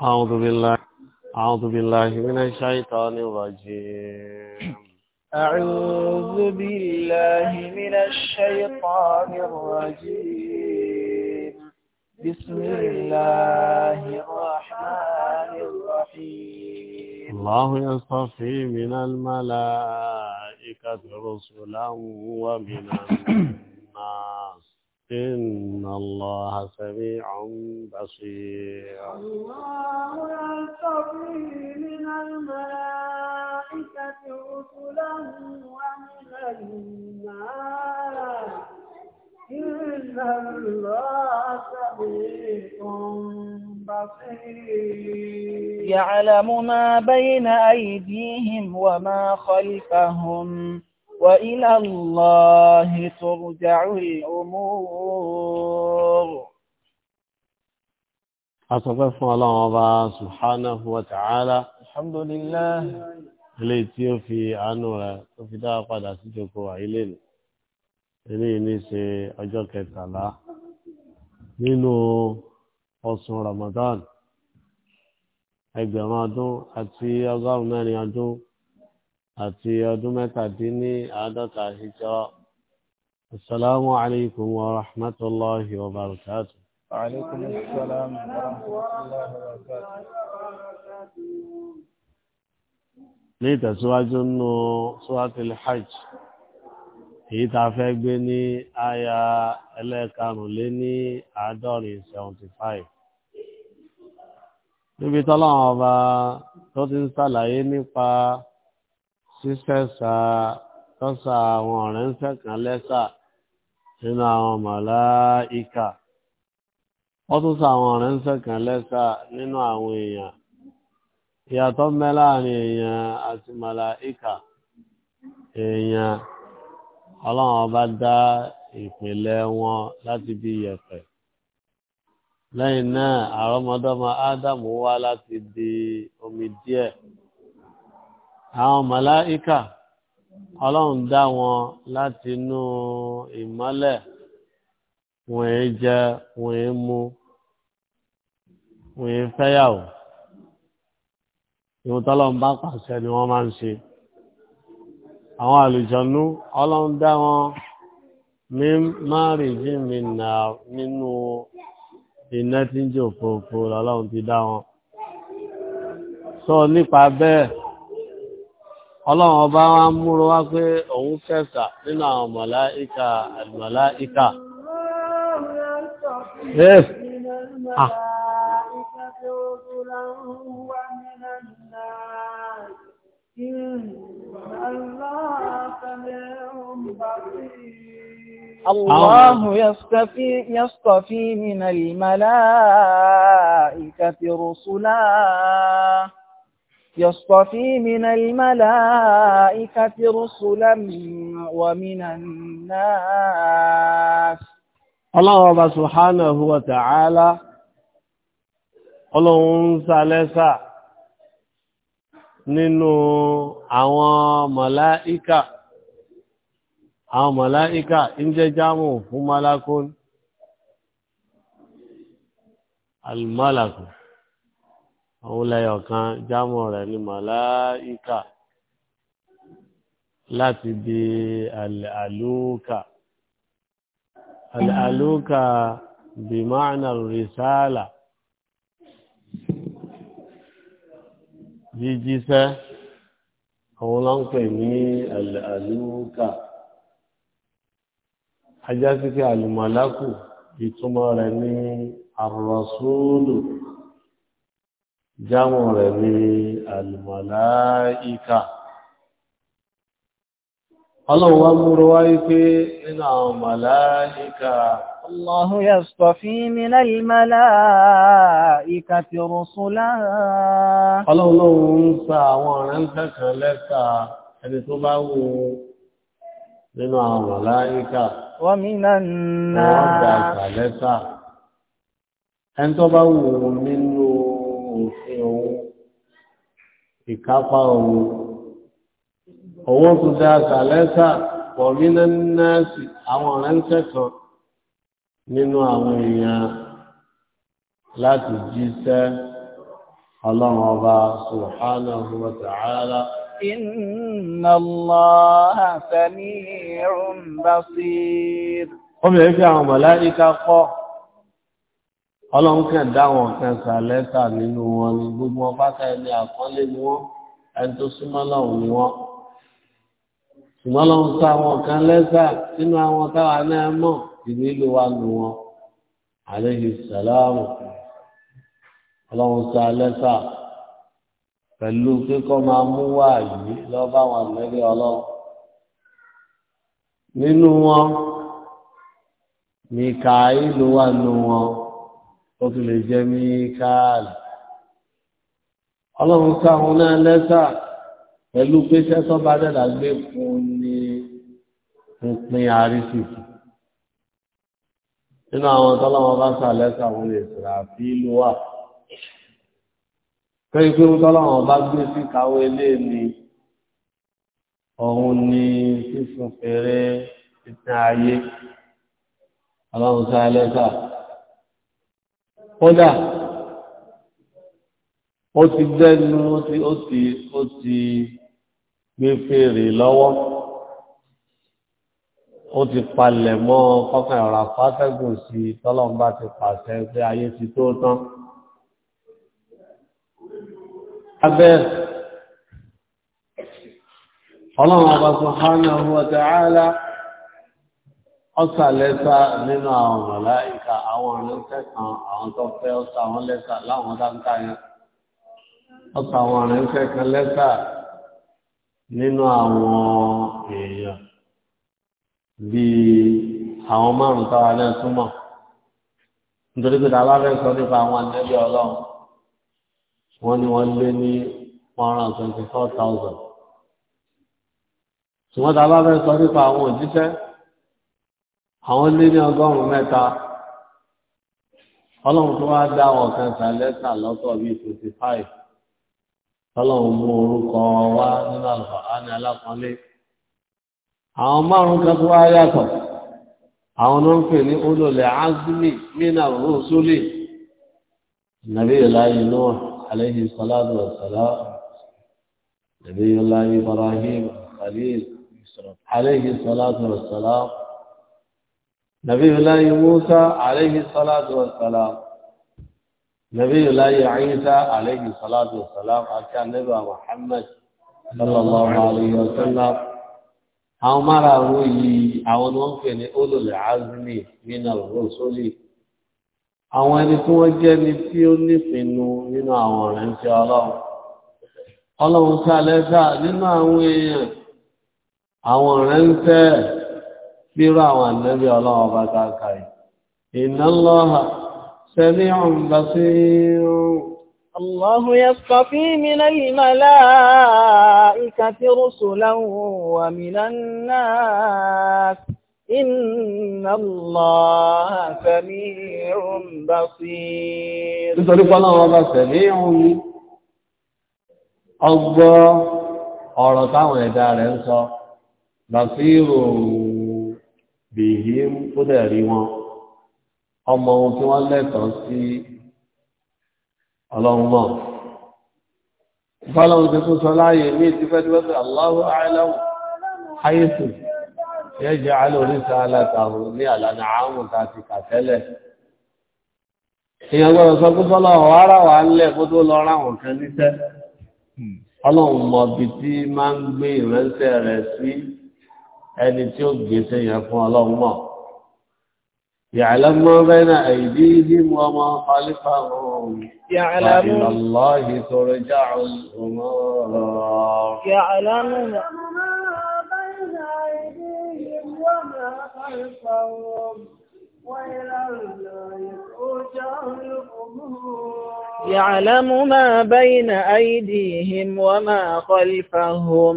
أعوذ بالله أعوذ بالله من الشيطان الرجيم أعوذ بالله من الشيطان الرجيم بسم الله الرحمن الرحيم الله يصطفي من الملائكة رسلا ومن الناس إن الله سميع بصير الله يستطيع من الملائكة رسلا ومن الناس إن الله سميع بصير يعلم ما بين أيديهم وما خلفهم وإلى الله ترجع الأمور أصدف الله سبحانه وتعالى الحمد لله eléyìí tí ó fi àánú rẹ̀ tó fi dáa padà sí jòkó àìlèlè eléyìí ní ṣe ọjọ́ kẹtàlá nínú ọ̀sùn Ramadan ẹgbẹ̀rún ọdún àti ọgọ́rùn-ún mẹ́rin ọdún àti ọdún mẹ́tàdínní àádọ́ta hijọ́. Assalamu alaikum wa rahmatullahi wa barakatuh. Wa alaikum assalam wa rahmatullahi wa barakatuh. Ní ìtẹ̀síwájú nínú Suratul Hajj, èyí tá a fẹ́ gbé ní àyà ẹlẹ́karùnléní àádọ́rin 75. Níbi tọ́lọ́wọ́n ọba tó ti ń sàlàyé nípa sísẹ̀sà tọ́sà àwọn ọ̀rẹ́ńsẹ̀ kan lẹ́sà nínú àwọn màláìkà wọ́n tún sọ àwọn ọ̀rẹ́ńsẹ̀ kan lẹ́sà nínú àwọn èèyàn ìyàtọ̀ ń bẹ láàrin èèyàn àti màláìkà èèyàn ọlọ́run ọba dá ìpìlẹ̀ wọn láti bí yẹ̀pẹ̀ lẹ́yìn náà àrọ́mọdọ́mọ ádámù wá láti di omi díẹ̀ àwọn màláíkà ọlọ́run dá wọn láti inú ìmọ́lẹ̀ wọ́n ń jẹ wọ́n ń mu wọ́n ń fẹ́yàwó ìwọ̀n tọ́lọ́run bá pàṣẹ ni wọ́n máa ń ṣe àwọn àlùjọ̀nú ọlọ́run dá wọn ní márìnjì nínú iná tí ń jò fòfò lọ́lọ́run ti dá wọn sọ nípa bẹ́ẹ̀ ọlọ́run ọba wa ń múrò wá pé òun kẹta nínú àwọn mọ̀láíkà àdìmọ̀láíkà الله يصطفي يصطفي من الملائكة رسلا يصطفي من الملائكة رسلا ومن الناس الله سبحانه وتعالى ọlọ́run ń sálẹ́sà nínú àwọn mọ̀láíkà àwọn mọ̀láíkà ń jẹ́ jámù fún malakun al-malakun òun lẹ́yọ̀ kan jámọ̀ rẹ̀ ní màláìkà láti di àlùkà àlùkà bí máàna rìsáàlà jíjíṣẹ́ àwọn láńpẹ̀ ní àlùkà ajásíkẹ́ àlùmọ̀lákù ìtumọ̀ rẹ̀ ní àrọ̀súlù jámọ̀ rẹ̀ ní alìmọ̀láíkà ọlọ́run wá múrò wá wípé nínú àwọn mọ̀láíkà Allahu yastafi min al-malaika ti rusula ọlọ́run lóhun ń sa àwọn ọ̀rẹ́ ń lẹ́ta ẹni tó bá wù nínú àwọn mọ̀láíkà wa minan nas ẹni ìkápá òun owó tó dá sàlẹ́sà pọ̀ nínú nẹ́ẹ̀sì àwọn ọ̀rẹ́ńtẹ́ kan nínú àwọn èèyàn láti jíṣẹ́ ọlọ́run ọba subhanahu wa ta'ala. Inna Allaha sami'un basir. Ó bẹ̀rẹ̀ fi àwọn màláíkà kọ́ ọlọ́run kẹ́ dáwọn kan sàlẹ́sà nínú wọn ni gbogbo wọn pátá ẹni àkọ́lé ni wọ́n ẹni tó súnmọ́ lọ́hùn ni wọ́n ṣùgbọ́n lọ́hùn tó àwọn kan lẹ́sà nínú àwọn táwa náà mọ̀ ìnílò wa nù wọn àlejò sàlámù ọlọ́run sàlẹ́sà pẹ̀lú kíkọ́ máa mú wá yìí lọ́ba àwọn àgbẹ̀rẹ̀ ọlọ́run nínú wọn mìkàílù wà nù wọn ó tún lè jẹ́ míkáàlì ọlọ́run káwọn náà lẹ́sà pẹ̀lú pé sẹ́sọ́ bá dẹ̀dà gbé fún ní pínpín àrísìkì nínú àwọn tọ́lọ́wọ́n bá sà lẹ́sà wọn lè sọ̀rọ̀ àfi ìlú wà pẹ̀lú pé tọ́lọ́wọ́n bá gbé sí káwọ́ ilé ni ọ̀hun ni sísun fèrè ìtàn ayé ọlọ́run sá lẹ́sà kódà ó ti dẹnu ó ti ó ti ó ti gbé fèrè lọ́wọ́ ó ti palẹ̀ mọ́ kọ́kàn ọ̀rọ̀ àfátẹ́gùn sí tọ́lọ́mbà ti pàṣẹ pé ayé ti tó tán. abẹ́ ọlọ́run ọba subhanahu wa ta'ala ọ̀sà lẹ́sà nínú àwọn màláìka àwọn ọ̀rẹ́ńtẹ́ kan àwọn tó fẹ́ ọ̀sà wọn lẹ́sà láwọn dáńtà yẹn ọ̀sà àwọn ọ̀rẹ́ńtẹ́ kan lẹ́sà nínú àwọn èèyàn bíi àwọn márùn táwa náà túmọ̀ nítorí pé tàbá fẹ́ sọ nípa àwọn ànẹ́bí ọlọ́run wọ́n ní wọ́n lé ní one hundred twenty four thousand ṣùgbọ́n tàbá fẹ́ sọ nípa àwọn òjíṣẹ́ àwọn lé ní ọgọ́rùn-ún mẹ́ta ọlọ́run tó wá dá ọ̀kan sàlẹ́sà lọ́tọ̀ bíi fifty five ọlọ́run mú orúkọ wá nínú àlùfáàní alápọ́nlé àwọn márùn-ún kan tó wá yàtọ̀ àwọn ló ń pè ní olólè azmi mina rusuli nàbí ìlàyé náà alayhi salatu wa nàbí ìlàyé ibrahim khalil alayhi salatu wa نبی اللہ موسیٰ علیہ السلام نبی اللہ عیسیٰ علیہ السلام آکیا نبی محمد صلی اللہ علیہ وسلم àwọn mára wo yìí àwọn ni wọ́n pè ní olùlẹ̀ azmi nínú rọ́sọ́lì àwọn ẹni tí wọ́n jẹ́ ni tí ó nípinnu nínú àwọn ọ̀rẹ́ ń fi ọlọ́run ọlọ́run sálẹ́sà nínú àwọn èèyàn àwọn ọ̀rẹ́ ń fẹ́ẹ̀ bírú àwọn ànábì ọlọ́run ọba ta kàrí inna Allaha sami'un basir Allahu yastafi minal malaikati rusulan wa minan nas inna Allaha sami'un basir nítorí pọ́lọ́run ọba sami'un ọgbọ́ ọ̀rọ̀ táwọn ẹ̀dá rẹ̀ ń sọ bàṣírò bèèrè ó dẹ̀ rí wọn ọmọ ohun tí wọ́n lẹ́tọ̀ọ́ sí ọlọ́run náà fọ́lọ́run ti tún sọ láàyè ní ìtìfẹ́tífẹ́tì Allahu a'lam haythu yaj'alu risalatahu ní àlànà àwọn tàti kàtẹ́lẹ̀ èèyàn gbọ́dọ̀ sọ pé fọ́lọ́run ara wà kó tó lọ ráwọn kan níṣẹ́ hmm. ọlọ́run mọ̀ bí tí máa ń gbé rẹ̀ sí ẹni tí ó gbèsè yẹn fún ọlọ́run mọ̀ يعلم ما بين أيديهم وما خلفهم يعلم وإلى الله ترجع الأمور يعلم ما بين أيديهم وما خلفهم وإلى الله ترجع الأمور يعلم ما بين أيديهم وما خلفهم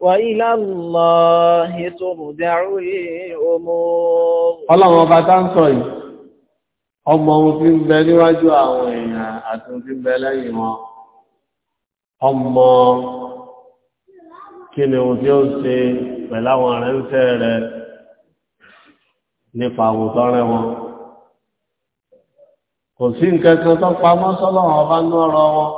وإلى الله ترجع الأمور ọlọ́run ọba tá ń sọ yìí ọmọ ohun tí ń bẹ níwájú àwọn èèyàn àti ohun tí ń bẹ lẹ́yìn wọn ọmọ kí ni ohun tí ó ṣe pẹ̀lú àwọn arẹ́ńsẹ́ rẹ nípa àwòtọ́ rẹ wọn kò sí nǹkan kan tó pamọ́ sọ́lọ́run ọba ń ọ̀rọ̀ wọn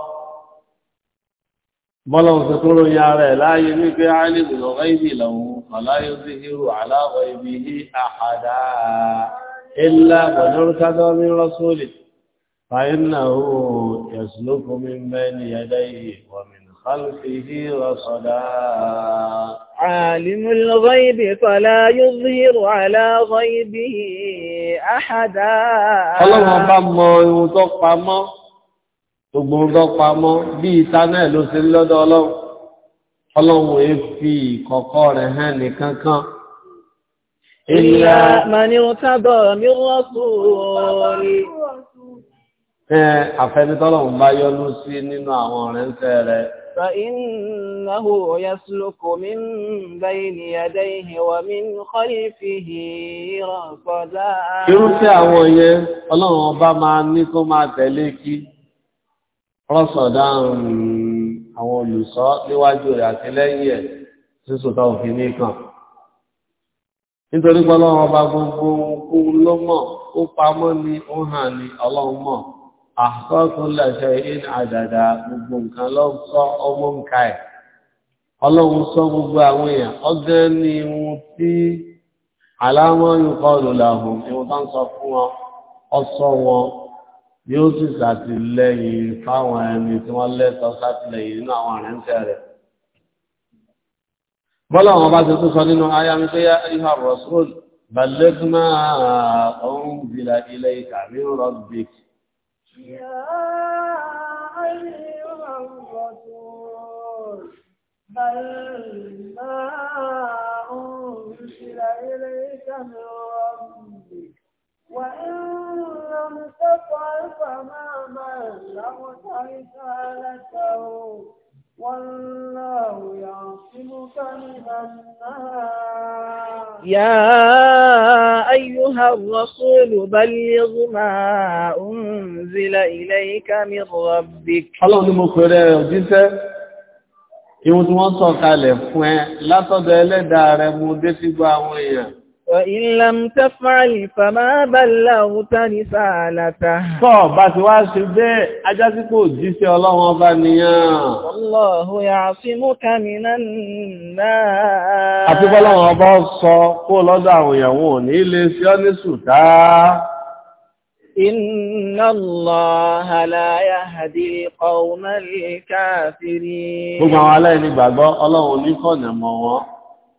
bọ́lọ̀n ti kúrò ya rẹ̀ láyé wípé alìbì lọ́wọ́ ibi lọ́wọ́ aláyé sí hírò aláwọ̀ ibi hí àhàdá ilá pẹ̀lúrúkádọ́ ní rọ́súlì fàínàwó yẹ̀sùlókù mímẹ́ ní ẹ̀dá yìí wọ̀mìn خلفه رصدا عالم gbogbo ń dọ́pamọ́ bí ìta náà ló ṣe lọ́dọ̀ ọlọ́run ọlọ́run èé fi ìkọ̀kọ́ rẹ̀ hàn nìkan kan. ìlà mani tábọ̀ mi rọ́sù rí. ẹ àfẹnitọ́lọ́run bá yọ́nú sí nínú àwọn ọ̀rẹ́ńtẹ́ rẹ̀. فإنه يسلك من بين يديه ومن خلفه رصدا. Irúfẹ́ àwọn yẹn, ọlọ́run ọba máa ní kó máa tẹ̀lé kí rọ́sọ̀dá àwọn olùsọ́ níwájú rẹ̀ àti lẹ́yìn ẹ̀ sísòtà òfin nìkan nítorí pọ́lọ́wọ́ ọba gbogbo ohun ló mọ̀ ó pamọ́ ni ó hàn ní ọlọ́run mọ̀ àkọ́kùnlẹ̀ṣẹ́ in àdàdà gbogbo nǹkan lọ sọ ọmọ yóò sì ṣàtìlẹ́yìn fáwọn ẹni tí wọ́n lẹ́tọ̀ọ́ ṣàtìlẹ́yìn nínú àwọn àrẹ́ńtẹ́ rẹ̀. bọ́lá wọn bá ti tún sọ nínú ayámi pé yáhà rọ̀sùn bàlẹ́gbà ọ̀hún ìbílẹ̀ ilẹ̀ ìkàmí rọ̀bì. بل ما أنزل إليك من ربك يا أيها الرسول بلغ ما أنزل إليك من ربك الله مكره جنسه Ìwọ̀n tí wọ́n sọ kalẹ̀ fún ẹ látọ̀dọ̀ ẹlẹ́dàá rẹ mú وَإِنْ لَمْ تَفْعَلْ فَمَا بَلَّغْتَ رِسَالَتَهُ Tọ́ bá ti wá ṣe bẹ́ẹ̀, ajá sí kò jíṣẹ́ ọlọ́run ọba nìyàn. Allahu ya'simuka minan nas. Àti bọ́lọ́run ọba sọ kó lọ́dọ̀ àwọn èèyàn wọn ní ilé sí ọ́ ní sùtá. Inna Allaha la yahdil qawmal kafirin. Gbogbo àwọn aláìní gbàgbọ́, ọlọ́run oníkọ̀nà mọ̀ wọ́n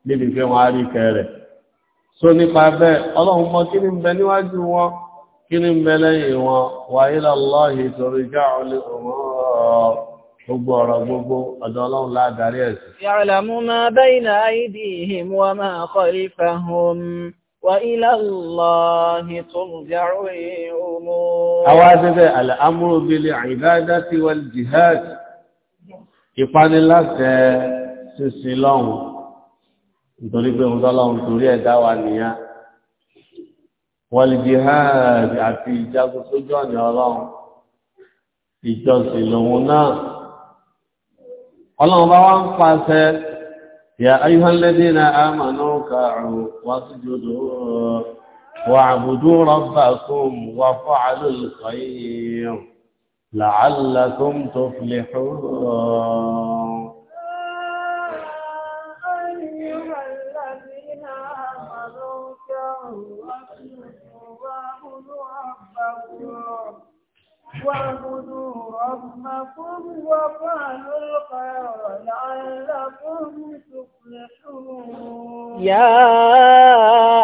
níbi fẹ́ wọn á rí kẹrẹ̀ so nípa bẹ́ẹ̀ ọlọ́run mọ̀ kí ni ń bẹ níwájú wọn kí ni ń bẹ lẹ́yìn wọn wa ila Allahi turja'ul umur gbogbo ọ̀rọ̀ gbogbo ọ̀dọ̀ ọlọ́run láàdárí ẹ̀sìn. ya'lamu ma bayna aydihim lọ́hùn nítorí pé òun tọ́lọ́run torí ẹ̀ dá wa nìyá wal jihad àti ìjagun sójú ọ̀nà ọlọ́run ìjọsìn lòun náà ọlọ́run bá wá ń pàṣẹ ya ayyuhalladhina amanu ka'u wasjudu wa'budu rabbakum wa fa'alul khayr la'allakum tuflihun يا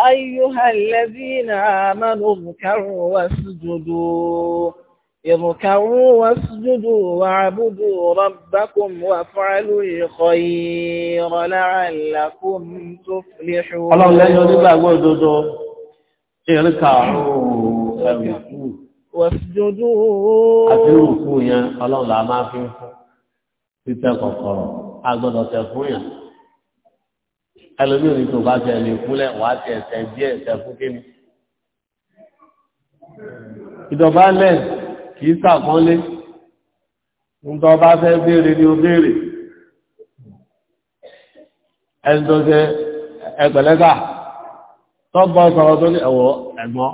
أيها الذين آمنوا اذكروا واسجدوا اركعوا واسجدوا واعبدوا ربكم وفعلوا الخير لعلكم تفلحون الله لا يرضى عن الدودو اركعوا wàsíjọ́jú ooo. àtìrú fún yẹn ọlọ́run là máa fi ń fún títẹ́ kọ̀kọ̀rọ̀ agbọ́dọ̀ tẹ fún yẹn. ẹlòmíràn tó bá tẹ lè kúnlẹ̀ wà á tẹ ẹsẹ̀ díẹ̀ ẹsẹ̀ fún kíni. ìdọ̀bá lẹ̀ kì í sàkọ́lé ńtọ́ bá fẹ́ béèrè ni ó béèrè. ẹni tó ṣe ẹgbẹ̀lẹ́gà tọ́ sọ̀rọ̀ tó ní ẹ̀wọ̀ ẹ̀gbọ́n.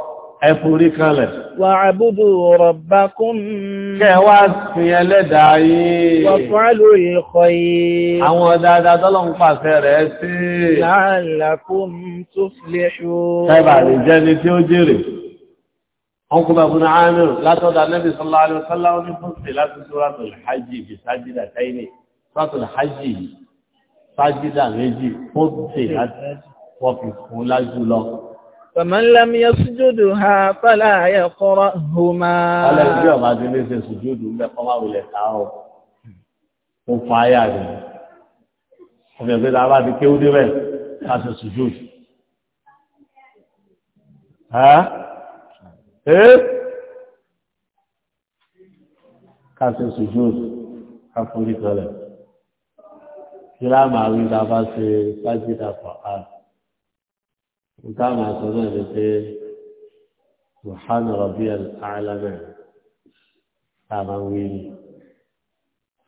ẹ̀fúrí kalẹ̀. Wà àbúdù rabbakum. Kẹ́ wá sin ẹlẹ́dàá yìí. Wà fún àlóyè kọ yìí. Àwọn dáadáa tọ́lọ̀ ń pàṣẹ rẹ̀ sí. La'allakum tuflihun. Kẹ́bà lè jẹ́ ni tí ó jèrè. Wọ́n kú bàbá náà ánú látọ̀dá Nabi sallallahu alaihi wasallam ní fúnṣe láti suratul hajj fi sájídà tẹ́yìnì. Suratul hajj sájídà méjì fúnṣe láti wọ́n fún lájú lọ. فمن لم يسجدها فلا يقرأهما على اليوم هذه ليس سجود ولا قراء ولا تعاو وفايات وفي البيت عباد كيو دي بي هذا سجود ها ايه كاسه سجود كفوري قال كلام عاوز عباس سجد القرآن nǹkan àmà sọ náà ni pé mohan rabiel alana tá a máa ń wí ni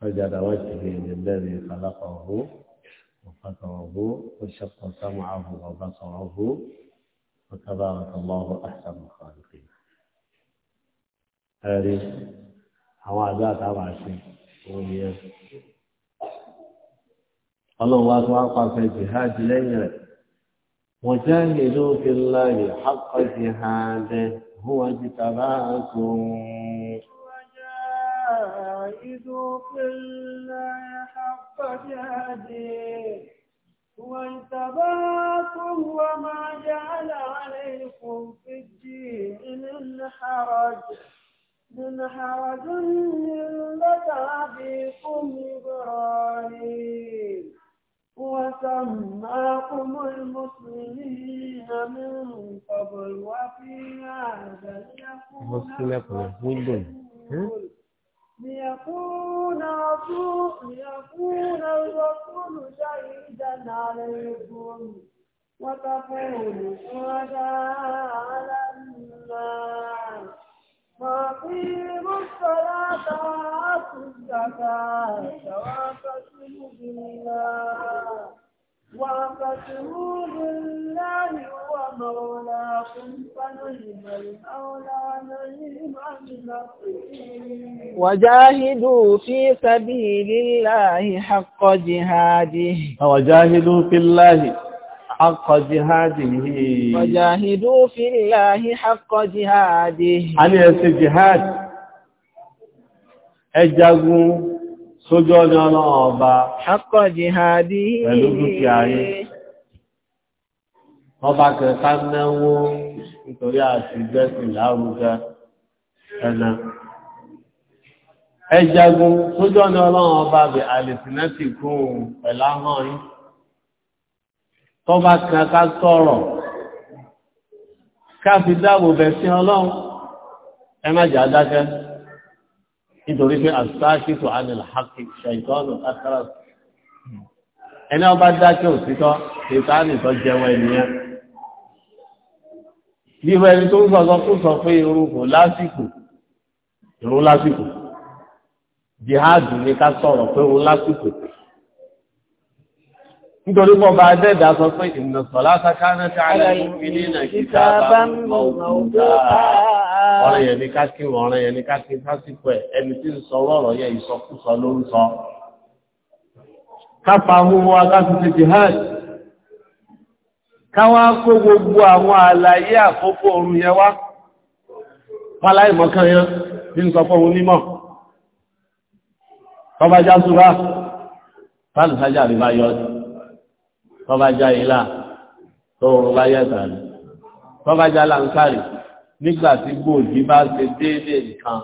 ọjà dáwọ́ ti fi ìdè lẹ́rìí ìfàlápà ọ̀hún وفتره وشق سمعه وبصره وتبارك الله أحسن الخالقين ẹ̀rí àwọn àgbà àtàwọn àṣẹ òun yẹn ọlọ́run wá tó وجاهدوا في الله حق جهاده هو اجتباكم وجاهدوا في الله حق جهاده هو اجتباكم وما جعل عليكم في الدين من حرج من حرج ملة أبيكم إبراهيم وسماكم المسلمين من قبل وفي هذا ليكون ليكون رسول ليكون الرسول شهيدا عليكم وتكونوا شهداء على الناس وأقيموا الصلاة وآتوا الزكاة واقسموا بالله واقسموا بالله هو مولاكم فنعم المولى نعم النصير وجاهدوا في سبيل الله حق جهاده وجاهدوا في الله حق جهاده وجاهدوا في الله حق جهاده أن يسجهاد ẹjagun sójú ọ̀nà ọlọ́run ọba حق جهاده pẹ̀lú dúkìá yìí ọba kẹta náwó nítorí àti gbẹ́sìn lárúgá ẹ̀nà ẹjagun sójú ọ̀nà ọlọ́run ọba bẹ̀ àlèsìnẹ́tì kún pẹ̀lú tọ́ba kan ká sọ̀rọ̀ ká fi dáàbò bẹ̀ sí ọlọ́run ẹ má jẹ́ adákẹ́ nítorí pé àṣáṣìtò anìlhàkì ṣàìtọ́nù àkàrà ẹni ọba dákẹ́ òtítọ́ ìtàní tó jẹ́wọ́ ènìyàn bí ìwọ ẹni tó ń sọ̀sọ́ kó sọ pé irun kò lásìkò irun lásìkò jihad ní ká sọ̀rọ̀ pé irun lásìkò nítorí bọ́ bá dẹ́dà sọ pé ìnàsọ̀lá sákánà tí aláìmìnì nà kìtà bá ń mọ̀ ọ̀rọ̀ yẹn ní káàkì ọ̀rọ̀ yẹn ní káàkì sásìkò ẹ̀ ẹni tí ń sọ ọ̀rọ̀ yẹn ìsọkúsọ ló ń sọ. kápá múmú akáàkì ti jihad káwá kó gbogbo àwọn àlàyé àkókò wá fáláìmọ̀ kan yẹn tọ́ba já ilá tóorùn bá yẹ̀tà ni tọ́ba já láǹkárì nígbà tí gbòòdì bá ṣe déédéé nǹkan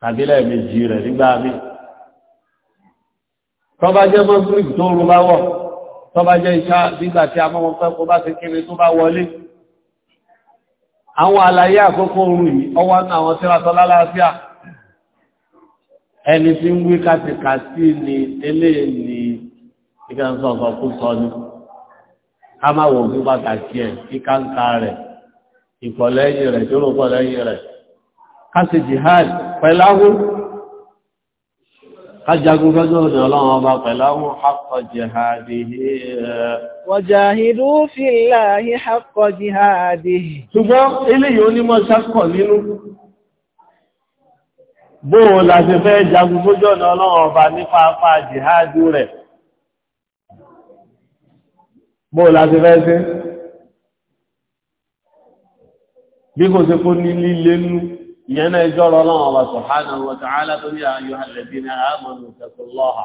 tàbí lẹ́ẹ̀mejì rẹ̀ nígbà míì tọ́ba jẹ́ mọ́gírì tóorùn bá wọ̀ tọ́ba jẹ́ iṣá nígbà tí amọ́wọn fẹ́ kó bá ṣe kiri tó bá wọlé àwọn àlàyé àkókò orun yìí ọwọ́ náà àwọn tí wọ́n sọ lálàáfíà ẹni tí ń wí kàtìkàtì ni eléyìí kíkà ń sọ ọ̀sán kú sọ ni ká má wò fún pàtàkì ẹ̀ kíkà ń ka rẹ̀ ìpọ̀lẹ́yìn rẹ̀ tó ló pọ̀lẹ́yìn rẹ̀ ká sì jihad pẹ̀láwó Ajagun fẹ́jọ́ òdì ọlọ́run ọba pẹ̀láwọn haqqo jihadihi. Wajahidu fillahi haqqo jihadihi. Ṣùgbọ́n eléyìí onímọ̀ ṣákọ̀ nínú. Bóò la ṣe fẹ́ jagun fójọ́ ọlọ́run rẹ̀ bó la ti fẹ́ sí bí kò sí kó ní líle nú ìyẹn náà jọ́rọ̀ ọlọ́run ọba subhanahu wa ta'ala torí àyùhàlẹ̀bí ní àmọ́ ìtẹ̀kùn lọ́ha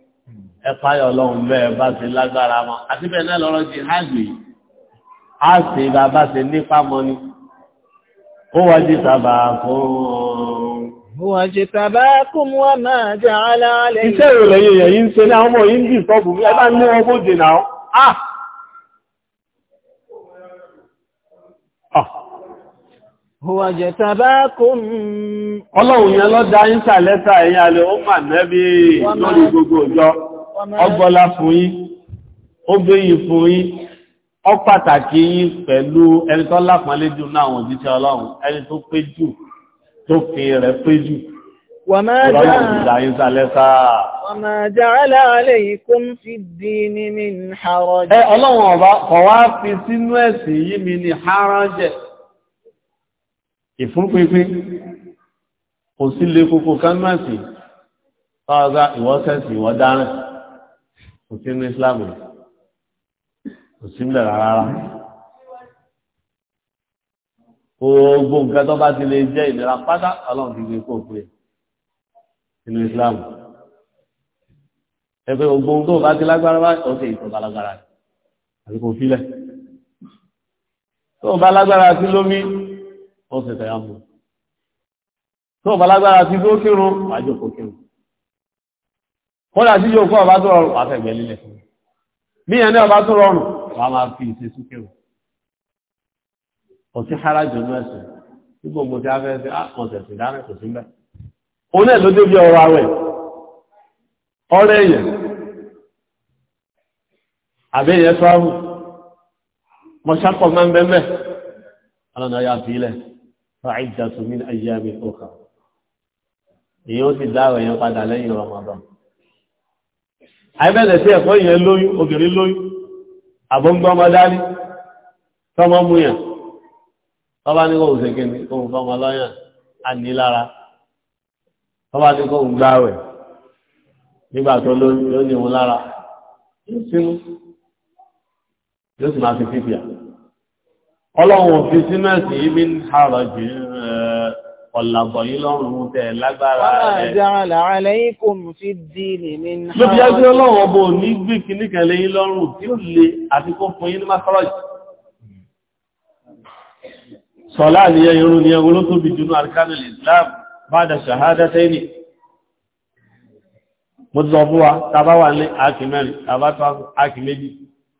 ẹ̀páyọ̀ ọlọ́run bẹ́ẹ̀ bá ṣe lágbára mọ́ àti bẹ́ẹ̀ náà lọ́rọ́ ti hágbì A ṣe bàbá bá nípa mọ́ ni ó wá jí tàbá fún Wọ́n ṣe tàbá kún wọ́n máa jẹ́ aláàlẹ́. Iṣẹ́ ìrọ̀lẹ́ yẹ̀yẹ̀ yìí ń ṣe ní àwọn ọmọ yìí ń bí ìtọ́bù bí ní ọgbọ́lá fún yín ó gbéyìn fún yín ó pàtàkì yín pẹ̀lú ẹni tó lápọ̀nlé jù náà àwọn òjíṣẹ́ ọlọ́run ẹni tó pé jù tó fi rẹ̀ pé jù Ọlọ́run ọba kọ̀wá fi sínú ẹ̀sìn yìí mi ni harajẹ́ ìfúnpínpín kò sí lè kòkò kánmẹ́sì tọ́ọ̀gá ìwọ́sẹ̀sì ìwọ́dáràn kò sí ní islam kò sí ní rárá gbogbo nǹkan tó bá ti lè jẹ́ ìlera pátá ọlọ́run ti gbé kó pé nínú islam ẹgbẹ́ gbogbo ohun tó bá ti lágbára bá ó sì ìtọ́ba lágbára àti kò fílẹ̀ tó bá lágbára sí lómi ó sì tẹ̀yà mú tó bá lágbára sí tó kírun wájú kò kírun kódà tí yóò kó ọba tó rọrùn wà fẹ̀gbẹ̀ lílẹ̀ bí ẹni ọba tó rọrùn wà máa fi ìṣe súnkẹ́ o kò sí harajù ní ẹ̀sìn tí gbogbo tí a fẹ́ fi àkọsẹ̀ ah, sí dáná kò sí mbẹ́ òun náà ló dé bí ọrọ̀ awẹ̀ ọrọ̀ èèyàn àbí èèyàn tó áwù mọ̀ṣákọ̀ máa ń bẹ́ mbẹ́ ọlọ́nà ọyà fílẹ̀ fàáìjà tó mí ayé àmì òkà èèyàn ti dá àwọn èèyàn padà lẹ́yìn Ramadan àìbẹ̀rẹ̀ sí ẹ̀kọ́ ìyẹn lóyún obìnrin lóyún àbọ̀ngbọ́mọ dání tọmọ mú yàn tọ́bá ní kóhùn ṣèké ní kóhùn fọmọ lọ́yàn ànílára tọ́bá ní kóhùn gbáwẹ̀ nígbà tó lóyún yóò ní òun lára yóò sínú yóò sì máa fi fífìà ọlọ́run òfin sínú ẹ̀sìn yìí bí ń hàrọ̀ jù ọ̀làbọ̀ yìí lọ́rùn tẹ̀ lágbára rẹ̀. Àjàrà alaykum fi ddin min hàrá. Ló fi ẹgbẹ́ ọlọ́run ọbọ̀ ní gbé kìíní kan lẹ́yìn lọ́rùn tí ó le àti kó fún yín ní Makarọ́jì. Sọ̀lá ni ẹ irun ni ẹ wọ́n ló tóbi jùlọ Arkanul Islam ba'da shahadatayn. Mo ti sọ fún wa, tàbá wà ní àkì mẹ́rin, tàbá tó àkì méjì,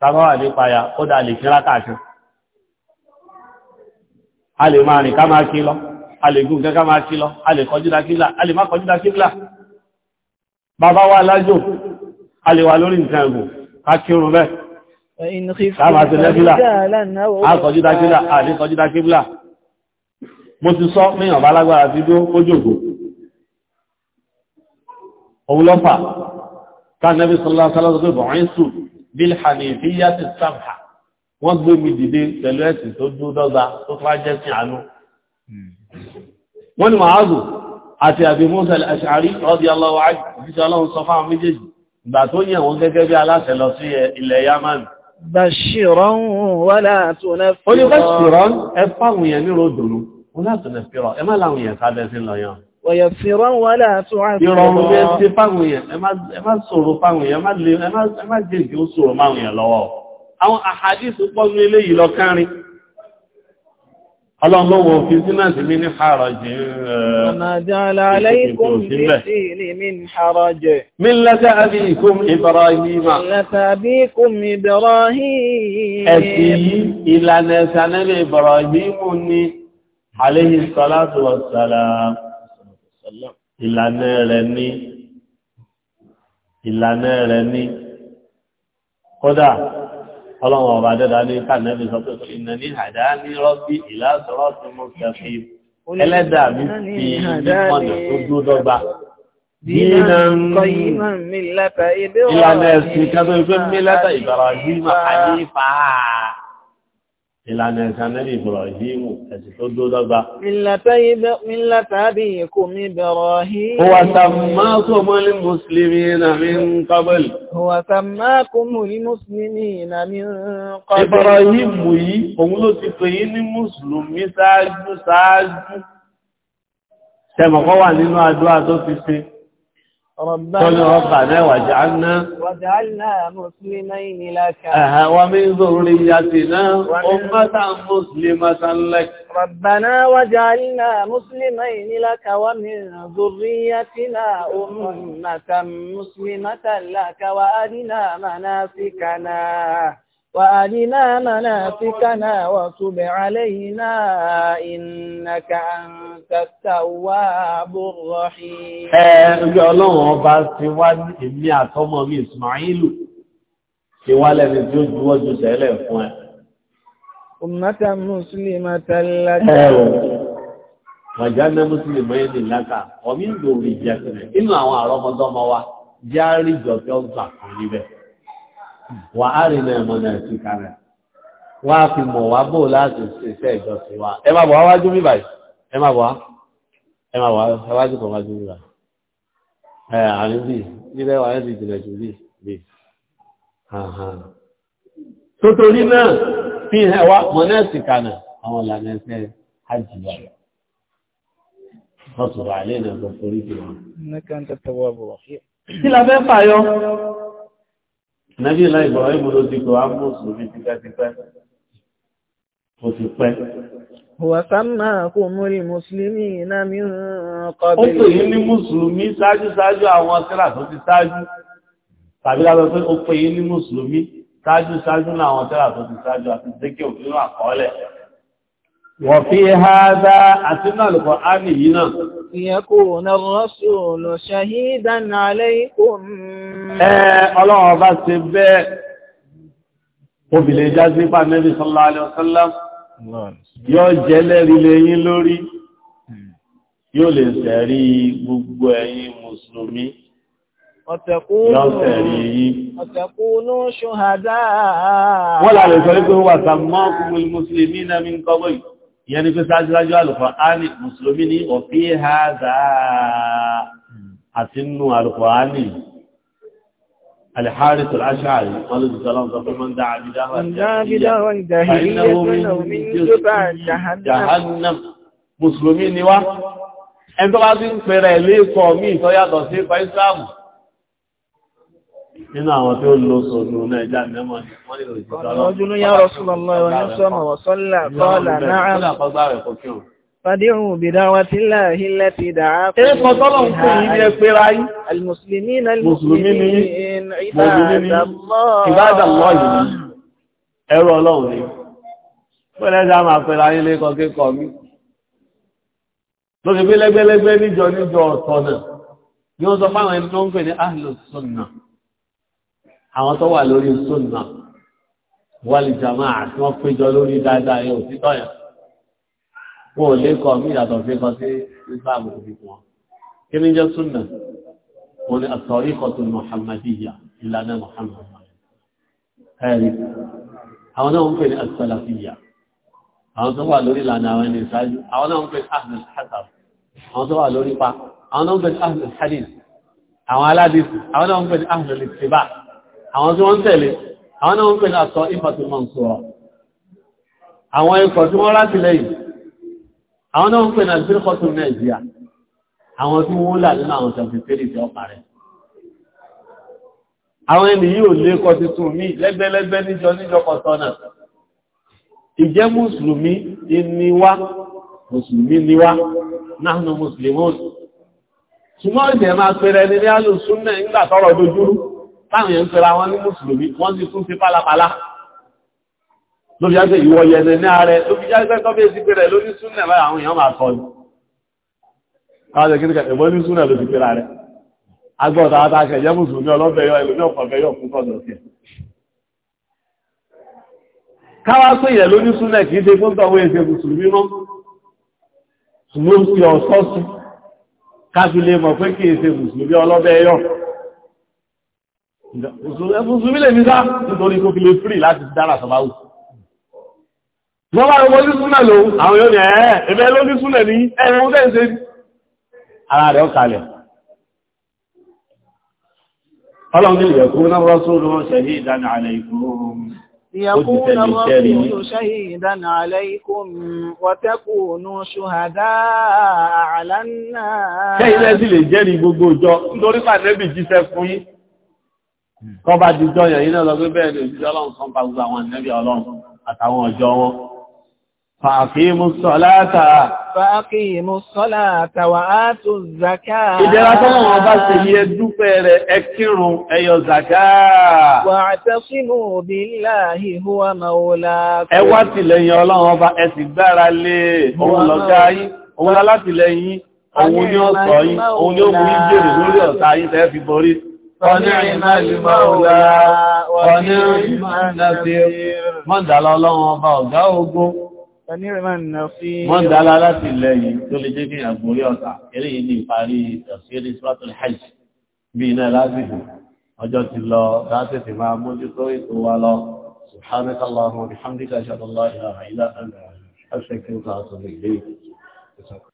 tàbá wà ní payà, ó dà lè kí rákà kan. A lè máa rìn ká máa kí lọ a lè gún gẹ́gá máa kí lọ a lè kọjúdá kíblà a lè má kọjúdá kíblà bàbá wa lájò a lè wà lórí nǹkan ẹ̀gùn ká kírun bẹ́ẹ̀ mo ti sọ míyàn bá lágbára ti dó kójògò òun lọ́fà tánàbí sọ́lọ́sọ́lọ́sọ́ pé bọ̀rin sùn bílhàní ìfíyà ti sáàmà wọ́n gbé mi dìde pẹ̀lú ẹ̀sìn tó dúdọ́gba tó fájẹ́ sí àánú wọ́n ni màáàzù àti àbí Musa al-Ash'ari radiyallahu anhu ìfíṣẹ́ ọlọ́run sọ fáwọn méjèèjì ìgbà tó yẹ̀ wọ́n gẹ́gẹ́ bí aláṣẹ lọ sí ilẹ̀ Yamani bashiran wala tunafira ó ní bashiran ẹ fáwọn yẹn nírò dùnú wọ́n láti nà fírọ̀ ẹ má láwọn yẹn sábẹ́ sí lọ yàn wọ̀yẹ̀ fírọ̀ wọ́n láti Ọlọ́run ló wo fi sínú àti mí ní àrọ̀jì rẹ̀. Mílẹ́ta àbíkùm Ibrahima. Mílẹ́ta àbíkùm Ibrahima. Ẹ̀sì yìí ìlànà ẹ̀sànẹ́lẹ̀ Ibrahimu ni, alayhi salatu wassalam. Ìlànà rẹ̀ ni, ìlànà rẹ̀ ni, kódà ọlọ́run ọba dẹ́dá ní kànẹ́bí sọ pé iná ní àdá ní rọ́bí ìlàsọ̀rọ̀ tí mo kẹfì ẹlẹ́dà mi fi ìmọ̀nà tó dúró dọ́gba. Dínà ìlànà ẹ̀sìn kan tó ń pè mílẹ́tà ìbàrà yìí máa ìlànà ẹ̀sán nẹ́bí Ibrahim ẹ̀sìn tó dó dọ́gba. Mílàtà bí ikú mi Ibrahim. Huwa sammakumu lil muslimina min qabl. Huwa sammakumu lil muslimina min qabl. Ibrahim yìí, òun ló ti pè yí ní Mùsùlùmí ṣáájú ṣáájú. Ṣẹ̀mọ̀kọ́ Tọ́lú ọba mẹ́wàá jàánà. Wàjàánà Mùsùlùmí lákà. Ẹ̀hà wa min zurriyatina, ummatan muslimatan lak. Rabbana wàjàánà Mùsùlùmí lákà wa min zurriyatina, ummatan muslimatan lak wa arina manasikana. وأرنا مناسكنا وتب علينا إنك أنت التواب الرحيم ẹ̀rùn ọlọ́run ọba ti wá èmi àtọmọ mi Ismailu ti wá lẹ́ni tí ó juwọ́ ju sẹ́lẹ̀ fún ẹ. Ummata muslimatan laka. Ẹ̀rùn wàjánà Mùsùlùmí ẹni lákà, ọ̀mí ń lò rí jẹ́ sílẹ̀. Inú àwọn àrọ́mọdọ́mọ wa, járí jọ̀kẹ́ ọgbà kan níbẹ̀ wà á rìn náà mọ̀nà ẹ̀sìn kalẹ̀ wọ́n á fi mọ̀ wá bò láti ṣiṣẹ́ ìjọsìn wa ẹ má bọ̀ wá wájú mi báyìí ẹ má bọ̀ wá ẹ má bọ̀ wá wájú kan wájú mi báyìí ẹ àárín bíi nílẹ̀ wà láti ìjìnlẹ̀ jù bíi bíi tótórí náà fi hàn wá mọ̀nà ẹ̀sìn kalẹ̀ àwọn ìlànà ẹ̀sẹ̀ àjìyà wọ́n sọ̀rọ̀ àlẹ́ ìnàgbọ̀ forí jù wọn. kí la fẹ́ fàyọ? nàbí ìlà ìbọ̀wọ́ ìmúlò ti kò á mú òṣùlùmí ti ká ti pẹ́ ó ti pẹ́. wàsánmà kò múrí mùsùlùmí iná mi ń kọ́ bí. ó pè yín ní mùsùlùmí ṣáájú ṣáájú àwọn tírà tó ti ṣáájú tàbí lábẹ́ pé ó pè yín ní mùsùlùmí ṣáájú ṣáájú láwọn tírà tó ti ṣáájú àti dékè òfin àkọọ́lẹ̀. وفي هذا أتنا القرآن هنا يكون الرسول شهيدا عليكم الله أبا سبع وبالإجازة النبي صلى الله عليه وسلم yóò jẹ́lẹ̀ rílé yín lórí yóò lè sẹ̀rí gbogbo ẹ̀yin mùsùlùmí yóò sẹ̀rí yín wọ́n lálẹ́ sọ wípé wà sàmọ́kùnrin mùsùlùmí náà mi ń kọ́ ìyẹn ni pé sáájúwájú alùkọ̀ánì mùsùlùmí ní ọ̀fí hàzà àti nù alùkọ̀ánì alìhárí tó láṣáàrí wọ́n ló jùsọ́ lọ́nà tó mọ́ ń dá àbídáwà mùsùlùmí ni wá ẹni tó bá ti ń pèrè ilé ikọ̀ mí ìtọ́yàtọ̀ sí ìpa ìsìláàmù nínú àwọn tí ó lọ sọ̀dọ̀ ọ̀nà ẹja mẹ́mọ́ ni wọ́n lè rìn jùlọ lọ. ọdún yá Rasulullah ìwọ̀n ní sọ́mọ̀ wọ̀sọ́lá kọ́ọ̀lá náà. Fadíhùn bìdáwà tí láàáhí láti dáa fún ìhà. Ẹ kọ́tọ́lọ̀ ń pè yí ní ẹgbẹ́ ráyí. Al-Mùsùlùmí Ọlọ́run ní Ahlus àwọn tó wà lórí sunna wàlì jamaa tí wọ́n péjọ lórí dáadáa yẹn òtítọ́ yẹn wọn ò lè kọ mí ìyàtọ̀ fi kọ sí islam òbí wọn kí ni jẹ́ sunna wọn ni at-tariqatul muhammadiyya ìlànà muhammad ẹ̀rí àwọn náà ń pè ní as-salafiyya àwọn tó wà lórí ìlànà àwọn ẹni ìsáájú àwọn náà ń pè ní ahlul hadith àwọn tó wà lórí pa àwọn náà ń pè ní ahlul hadith àwọn aládìsí àwọn náà ń pè ní ahlul ittiba' àwọn tí wọ́n tẹ̀lé àwọn náà ń pè náà sọ ìfàtí mọ́ sọ àwọn ikọ̀ tí wọ́n láti lẹ́yìn àwọn náà ń pè náà sí kọ́tù nàìjíríà àwọn tí wọ́n là nínú àwọn tẹ̀lé tẹ́lẹ̀ tí ọpa rẹ̀ àwọn ẹni yóò lé kọ́ tuntun mí lẹ́gbẹ́lẹ́gbẹ́ níjọ níjọ kọ̀tọ̀ náà ìjẹ́ mùsùlùmí ìníwá mùsùlùmí níwá náà mùsùlùmí ṣùgbọ́n ìdẹ̀ máa pẹ̀rẹ̀ ní alùsùn náà ń gbà dojúrú táwọn èèyàn ń pera wọn ní mùsùlùmí wọ́n sì tún fi pálapàla ló fi jáde ìwọ yẹnẹ ní ààrẹ ló fi jáde tó bí èsìpé rẹ̀ ló ní súnà lára àwọn èèyàn máa kọ́ ni káàdé kí ní kẹ́ ìwọ ní súnà ló fi pera rẹ̀ agbọ́ta àtàkẹ́ jẹ́ mùsùlùmí ọlọ́bẹ̀ yọ ẹlòmí ọ̀pọ̀bẹ̀ yọ fún kọ́sọ̀ sí káwá mọ̀ pé kìí ṣe mùsùlùmí ọlọ́bẹ̀ yọ ẹfún súnmí lè ní sá nítorí kó fi lè fírì láti dára sọmáwù wọ́n bá rọ̀mọ́ súnmẹ̀ lòun àwọn yóò ní ẹ̀ẹ́ ẹ̀bẹ̀ ló ní súnmẹ̀ ní ẹ̀rùn tẹ́ ṣe ara rẹ̀ ọkàlẹ̀ ọlọ́run ní ìyẹ̀kú náà عليكم وتكونوا شهداء على الناس kọ́ bá di jọ yẹ̀yìn náà lọ pé bẹ́ẹ̀ ni òjijì ọlọ́run kan pa gbogbo àwọn ìnẹ́bí ọlọ́run àtàwọn ọjọ́ wọn. Fàákìmù sọ́láàtà. Fàákìmù sọ́láàtà wà á tó zàká. Ìdẹ́ra tó wọ́n bá ṣe ní ẹdúpẹ́ rẹ̀ ẹ kírun ẹyọ zàká. Wà á tẹ́sínú billahi huwa mawlaakum. Ẹ wá tìlẹ́yìn ọlọ́run ọba ẹ sì gbára lé e. òun lọ́gá yín, òun alátìlẹ́yìn, òun ni ó sọ yín, òun ni ó mú yín فنعم المولى ونعم النصير من دل ọlọ́run ọba ọ̀gá ogun Wọ́n dára láti ilẹ̀ yìí tó lè jẹ́ kí àgbórí ọ̀tà, eré yìí ní ìparí tafsiri Suratul Hajj bí iná lásìkò, ọjọ́ ti lọ láti ti máa mójútó ètò wa lọ, Subhanaka